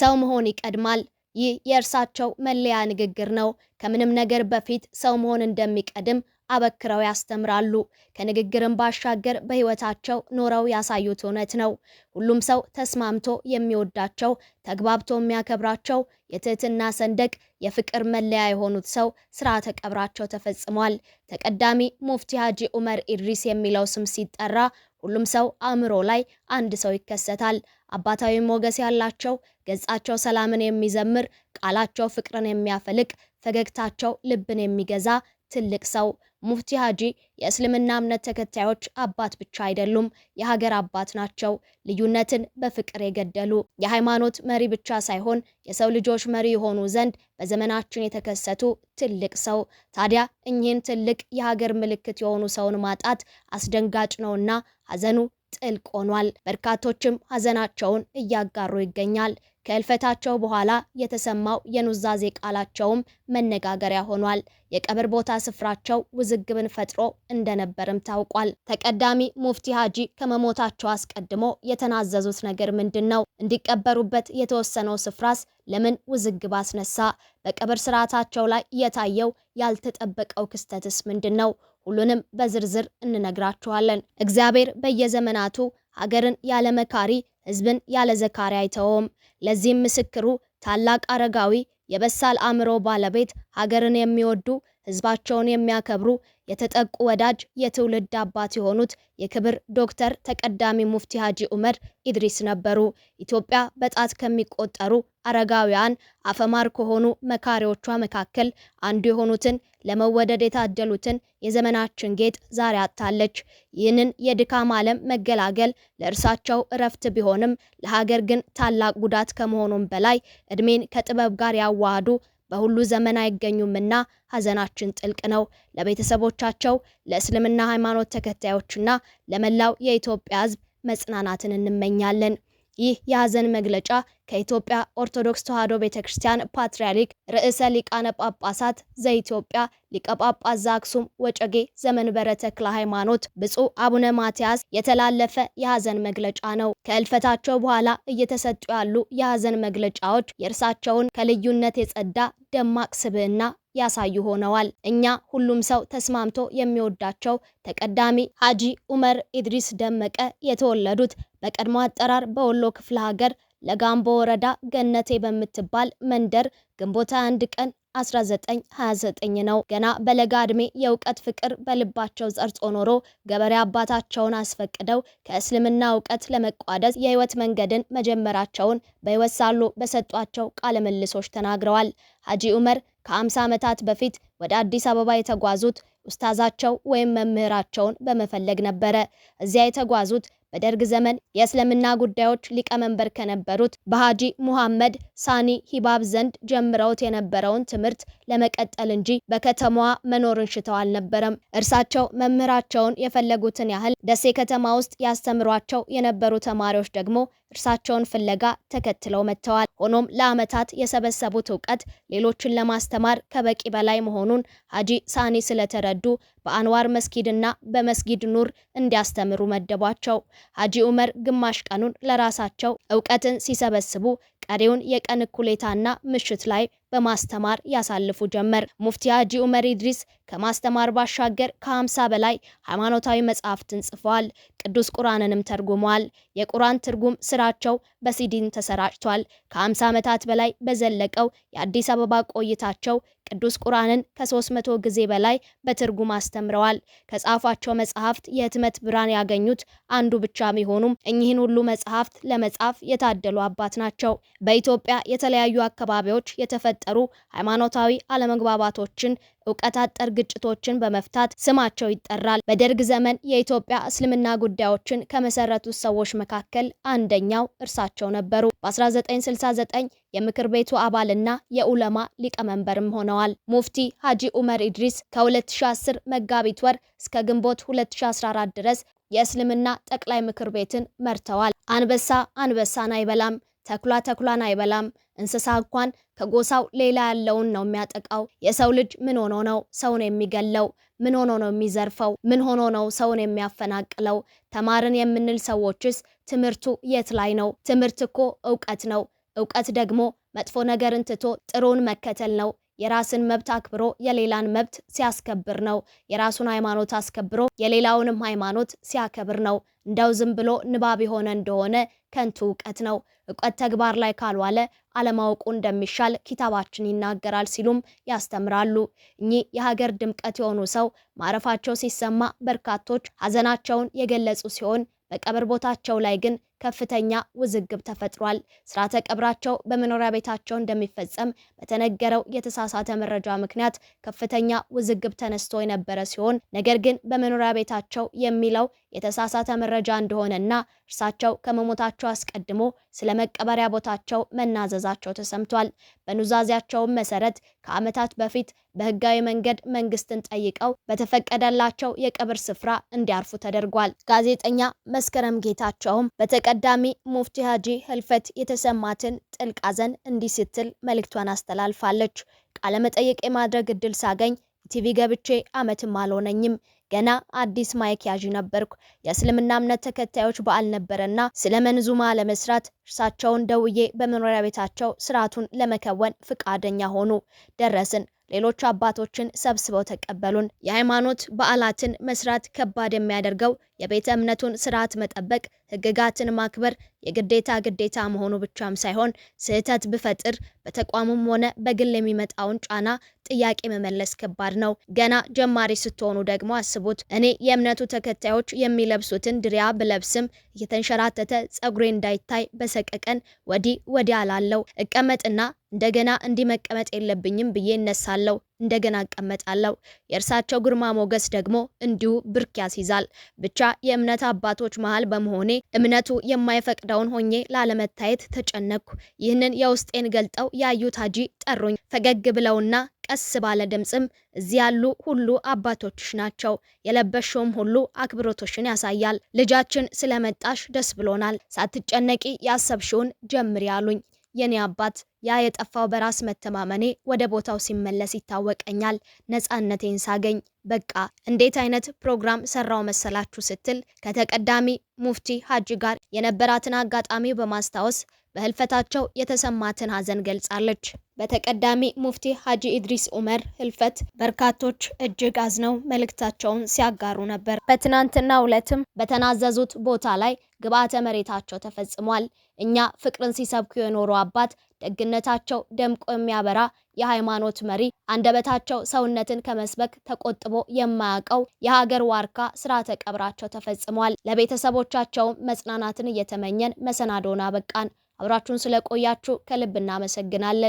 ሰው መሆን ይቀድማል። ይህ የእርሳቸው መለያ ንግግር ነው። ከምንም ነገር በፊት ሰው መሆን እንደሚቀድም አበክረው ያስተምራሉ። ከንግግርም ባሻገር በሕይወታቸው ኖረው ያሳዩት እውነት ነው። ሁሉም ሰው ተስማምቶ የሚወዳቸው፣ ተግባብቶ የሚያከብራቸው የትህትና ሰንደቅ፣ የፍቅር መለያ የሆኑት ሰው ስርዓተ ቀብራቸው ተፈጽሟል። ተቀዳሚ ሙፍቲ ሀጂ ዑመር ኢድሪስ የሚለው ስም ሲጠራ ሁሉም ሰው አእምሮ ላይ አንድ ሰው ይከሰታል። አባታዊ ሞገስ ያላቸው ገጻቸው ሰላምን የሚዘምር ቃላቸው ፍቅርን የሚያፈልቅ ፈገግታቸው ልብን የሚገዛ ትልቅ ሰው ሙፍቲ ሀጂ የእስልምና እምነት ተከታዮች አባት ብቻ አይደሉም፣ የሀገር አባት ናቸው። ልዩነትን በፍቅር የገደሉ የሃይማኖት መሪ ብቻ ሳይሆን የሰው ልጆች መሪ የሆኑ ዘንድ በዘመናችን የተከሰቱ ትልቅ ሰው። ታዲያ እኚህን ትልቅ የሀገር ምልክት የሆኑ ሰውን ማጣት አስደንጋጭ ነውና ሀዘኑ ጥልቅ ሆኗል። በርካቶችም ሀዘናቸውን እያጋሩ ይገኛል። ከልፈታቸው በኋላ የተሰማው የኑዛዜ ቃላቸውም መነጋገሪያ ሆኗል። የቀብር ቦታ ስፍራቸው ውዝግብን ፈጥሮ እንደነበርም ታውቋል። ተቀዳሚ ሙፍቲ ሀጂ ከመሞታቸው አስቀድሞ የተናዘዙት ነገር ምንድን ነው? እንዲቀበሩበት የተወሰነው ስፍራስ ለምን ውዝግብ አስነሳ? በቀብር ስርዓታቸው ላይ የታየው ያልተጠበቀው ክስተትስ ምንድን ነው? ሁሉንም በዝርዝር እንነግራችኋለን። እግዚአብሔር በየዘመናቱ ሀገርን ያለመካሪ ሕዝብን ያለ ዘካሪ አይተውም። ለዚህም ምስክሩ ታላቅ አረጋዊ፣ የበሳል አእምሮ ባለቤት፣ ሀገርን የሚወዱ ህዝባቸውን የሚያከብሩ የተጠቁ ወዳጅ የትውልድ አባት የሆኑት የክብር ዶክተር ተቀዳሚ ሙፍቲ ሀጂ ኡመር ኢድሪስ ነበሩ። ኢትዮጵያ በጣት ከሚቆጠሩ አረጋውያን አፈማር ከሆኑ መካሪዎቿ መካከል አንዱ የሆኑትን ለመወደድ የታደሉትን የዘመናችን ጌጥ ዛሬ አጥታለች። ይህንን የድካም ዓለም መገላገል ለእርሳቸው እረፍት ቢሆንም ለሀገር ግን ታላቅ ጉዳት ከመሆኑም በላይ እድሜን ከጥበብ ጋር ያዋሃዱ በሁሉ ዘመን አይገኙምና ሐዘናችን ጥልቅ ነው። ለቤተሰቦቻቸው፣ ለእስልምና ሃይማኖት ተከታዮችና ለመላው የኢትዮጵያ ሕዝብ መጽናናትን እንመኛለን። ይህ የሐዘን መግለጫ ከኢትዮጵያ ኦርቶዶክስ ተዋሕዶ ቤተ ክርስቲያን ፓትርያርክ ርዕሰ ሊቃነ ጳጳሳት ዘኢትዮጵያ ሊቀ ጳጳስ ዘአክሱም ወጨጌ ዘመንበረ ተክለ ሃይማኖት ብፁዕ አቡነ ማትያስ የተላለፈ የሐዘን መግለጫ ነው። ከእልፈታቸው በኋላ እየተሰጡ ያሉ የሐዘን መግለጫዎች የእርሳቸውን ከልዩነት የጸዳ ደማቅ ስብዕና ያሳዩ ሆነዋል። እኛ ሁሉም ሰው ተስማምቶ የሚወዳቸው ተቀዳሚ ሐጂ ዑመር ኢድሪስ ደመቀ የተወለዱት በቀድሞ አጠራር በወሎ ክፍለ ሀገር ለጋምቦ ወረዳ ገነቴ በምትባል መንደር ግንቦት 1 ቀን 1929 ነው። ገና በለጋ ዕድሜ የእውቀት ፍቅር በልባቸው ጸርጾ ኖሮ ገበሬ አባታቸውን አስፈቅደው ከእስልምና እውቀት ለመቋደስ የህይወት መንገድን መጀመራቸውን በህይወት ሳሉ በሰጧቸው ቃለ ምልሶች ተናግረዋል። ሀጂ ዑመር ከ50 ዓመታት በፊት ወደ አዲስ አበባ የተጓዙት ኡስታዛቸው ወይም መምህራቸውን በመፈለግ ነበረ። እዚያ የተጓዙት በደርግ ዘመን የእስልምና ጉዳዮች ሊቀመንበር ከነበሩት በሃጂ ሙሐመድ ሳኒ ሂባብ ዘንድ ጀምረውት የነበረውን ትምህርት ለመቀጠል እንጂ በከተማዋ መኖርን ሽተው አልነበረም። እርሳቸው መምህራቸውን የፈለጉትን ያህል ደሴ ከተማ ውስጥ ያስተምሯቸው የነበሩ ተማሪዎች ደግሞ እርሳቸውን ፍለጋ ተከትለው መጥተዋል። ሆኖም ለዓመታት የሰበሰቡት እውቀት ሌሎችን ለማስተማር ከበቂ በላይ መሆኑን ሀጂ ሳኒ ስለተረዱ በአንዋር መስጊድና በመስጊድ ኑር እንዲያስተምሩ መደቧቸው። ሀጂ ዑመር ግማሽ ቀኑን ለራሳቸው እውቀትን ሲሰበስቡ፣ ቀሪውን የቀን እኩሌታና ምሽት ላይ በማስተማር ያሳልፉ ጀመር። ሙፍቲ ሀጂ ኡመር ኢድሪስ ከማስተማር ባሻገር ከ50 በላይ ሃይማኖታዊ መጽሐፍትን ጽፈዋል። ቅዱስ ቁርአንንም ተርጉመዋል። የቁርአን ትርጉም ስራቸው በሲዲን ተሰራጭቷል። ከ50 ዓመታት በላይ በዘለቀው የአዲስ አበባ ቆይታቸው ቅዱስ ቁርአንን ከ300 ጊዜ በላይ በትርጉም አስተምረዋል። ከጻፏቸው መጽሐፍት የህትመት ብርሃን ያገኙት አንዱ ብቻ ቢሆኑም እኚህን ሁሉ መጽሐፍት ለመጻፍ የታደሉ አባት ናቸው። በኢትዮጵያ የተለያዩ አካባቢዎች የተፈ የሚፈጠሩ ሃይማኖታዊ አለመግባባቶችን እውቀት አጠር ግጭቶችን በመፍታት ስማቸው ይጠራል። በደርግ ዘመን የኢትዮጵያ እስልምና ጉዳዮችን ከመሰረቱት ሰዎች መካከል አንደኛው እርሳቸው ነበሩ። በ1969 የምክር ቤቱ አባልና የኡለማ ሊቀመንበርም ሆነዋል። ሙፍቲ ሀጂ ኡመር ኢድሪስ ከ2010 መጋቢት ወር እስከ ግንቦት 2014 ድረስ የእስልምና ጠቅላይ ምክር ቤትን መርተዋል። አንበሳ አንበሳን አይበላም፣ ተኩላ ተኩላን አይበላም እንስሳ እንኳን ከጎሳው ሌላ ያለውን ነው የሚያጠቃው። የሰው ልጅ ምን ሆኖ ነው ሰውን የሚገለው? ምን ሆኖ ነው የሚዘርፈው? ምን ሆኖ ነው ሰውን የሚያፈናቅለው? ተማርን የምንል ሰዎችስ ትምህርቱ የት ላይ ነው? ትምህርት እኮ እውቀት ነው። እውቀት ደግሞ መጥፎ ነገርን ትቶ ጥሩን መከተል ነው። የራስን መብት አክብሮ የሌላን መብት ሲያስከብር ነው። የራሱን ሃይማኖት አስከብሮ የሌላውንም ሃይማኖት ሲያከብር ነው። እንደው ዝም ብሎ ንባብ የሆነ እንደሆነ ከንቱ እውቀት ነው። እውቀት ተግባር ላይ ካልዋለ አለማወቁ እንደሚሻል ኪታባችን ይናገራል ሲሉም ያስተምራሉ። እኚህ የሀገር ድምቀት የሆኑ ሰው ማረፋቸው ሲሰማ በርካቶች ሀዘናቸውን የገለጹ ሲሆን በቀብር ቦታቸው ላይ ግን ከፍተኛ ውዝግብ ተፈጥሯል። ስርዓተ ቀብራቸው በመኖሪያ ቤታቸው እንደሚፈጸም በተነገረው የተሳሳተ መረጃ ምክንያት ከፍተኛ ውዝግብ ተነስቶ የነበረ ሲሆን ነገር ግን በመኖሪያ ቤታቸው የሚለው የተሳሳተ መረጃ እንደሆነና እርሳቸው ከመሞታቸው አስቀድሞ ስለ መቀበሪያ ቦታቸው መናዘዛቸው ተሰምቷል። በኑዛዜያቸውም መሰረት ከዓመታት በፊት በህጋዊ መንገድ መንግስትን ጠይቀው በተፈቀደላቸው የቀብር ስፍራ እንዲያርፉ ተደርጓል። ጋዜጠኛ መስከረም ጌታቸውም በተቀ ተቀዳሚ ሙፍቲ ሀጂ ህልፈት የተሰማትን ጥልቅ ሐዘን እንዲህ ስትል መልእክቷን አስተላልፋለች። ቃለመጠየቅ የማድረግ እድል ሳገኝ ቲቪ ገብቼ አመትም አልሆነኝም። ገና አዲስ ማይክ ያዥ ነበርኩ። የእስልምና እምነት ተከታዮች በዓል ነበረና ስለ መንዙማ ለመስራት እርሳቸውን ደውዬ በመኖሪያ ቤታቸው ስርዓቱን ለመከወን ፍቃደኛ ሆኑ። ደረስን። ሌሎች አባቶችን ሰብስበው ተቀበሉን። የሃይማኖት በዓላትን መስራት ከባድ የሚያደርገው የቤተ እምነቱን ስርዓት መጠበቅ፣ ህግጋትን ማክበር የግዴታ ግዴታ መሆኑ ብቻም ሳይሆን ስህተት ብፈጥር በተቋሙም ሆነ በግል የሚመጣውን ጫና ጥያቄ መመለስ ከባድ ነው። ገና ጀማሪ ስትሆኑ ደግሞ አስቡት። እኔ የእምነቱ ተከታዮች የሚለብሱትን ድሪያ ብለብስም እየተንሸራተተ ጸጉሬ እንዳይታይ በሰቀቀን ወዲህ ወዲያ አላለው። እቀመጥና እንደገና እንዲመቀመጥ መቀመጥ የለብኝም ብዬ እነሳለሁ። እንደገና እቀመጣለሁ። የእርሳቸው ግርማ ሞገስ ደግሞ እንዲሁ ብርክ ያስይዛል። ብቻ የእምነት አባቶች መሃል በመሆኔ እምነቱ የማይፈቅደውን ሆኜ ላለመታየት ተጨነቅኩ። ይህንን የውስጤን ገልጠው ያዩት ሀጂ ጠሩኝ። ፈገግ ብለውና ቀስ ባለ ድምፅም እዚህ ያሉ ሁሉ አባቶችሽ ናቸው፣ የለበሽውም ሁሉ አክብሮቶሽን ያሳያል። ልጃችን ስለመጣሽ ደስ ብሎናል። ሳትጨነቂ ያሰብሽውን ጀምሪ አሉኝ። የኔ አባት ያ የጠፋው በራስ መተማመኔ ወደ ቦታው ሲመለስ ይታወቀኛል። ነፃነቴን ሳገኝ በቃ እንዴት አይነት ፕሮግራም ሰራው መሰላችሁ ስትል ከተቀዳሚ ሙፍቲ ሀጂ ጋር የነበራትን አጋጣሚ በማስታወስ በህልፈታቸው የተሰማትን ሀዘን ገልጻለች። በተቀዳሚ ሙፍቲ ሀጂ ኢድሪስ ኡመር ህልፈት በርካቶች እጅግ አዝነው መልእክታቸውን ሲያጋሩ ነበር። በትናንትናው ዕለትም በተናዘዙት ቦታ ላይ ግብዓተ መሬታቸው ተፈጽሟል። እኛ ፍቅርን ሲሰብኩ የኖሩ አባት ደግነታቸው ደምቆ የሚያበራ የሃይማኖት መሪ አንደበታቸው ሰውነትን ከመስበክ ተቆጥቦ የማያውቀው የሀገር ዋርካ ስርዓተ ቀብራቸው ተፈጽሟል። ለቤተሰቦቻቸውም መጽናናትን እየተመኘን መሰናዶን አበቃን። አብራችሁን ስለቆያችሁ ከልብ እናመሰግናለን።